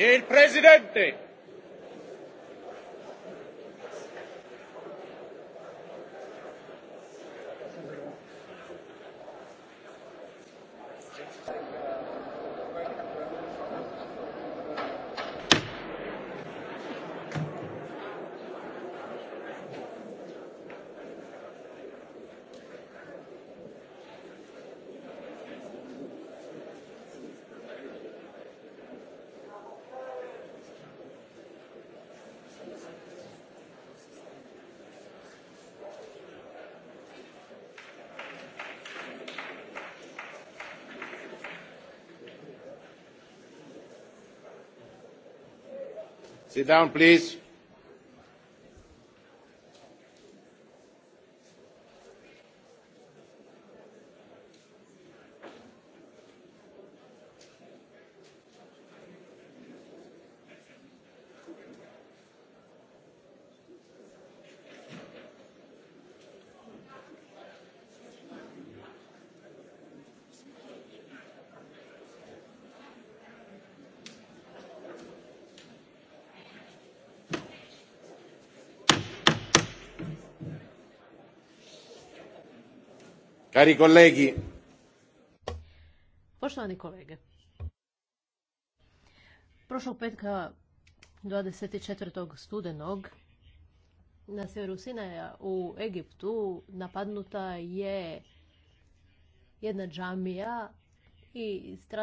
E Il Presidente! Sit down, please. Cari kolegi. Poštovani kolege. Prošlog petka 24. studenog na sjeveru Sinaja u Egiptu napadnuta je jedna džamija i